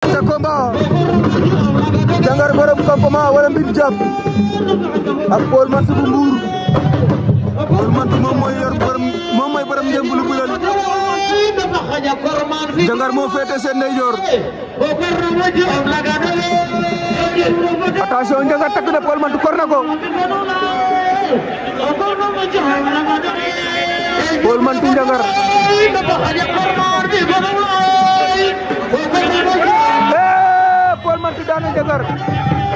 Jangan combat Jangar borom campement wala Mbine Diap ak Paul Menthe bu Mbour Paul Menthe moom mooy yor borom moom mooy borom njëmb lu bulal Jangar moo féete seen ndeyjoor attention Jangar takk mënti daanu jëkkër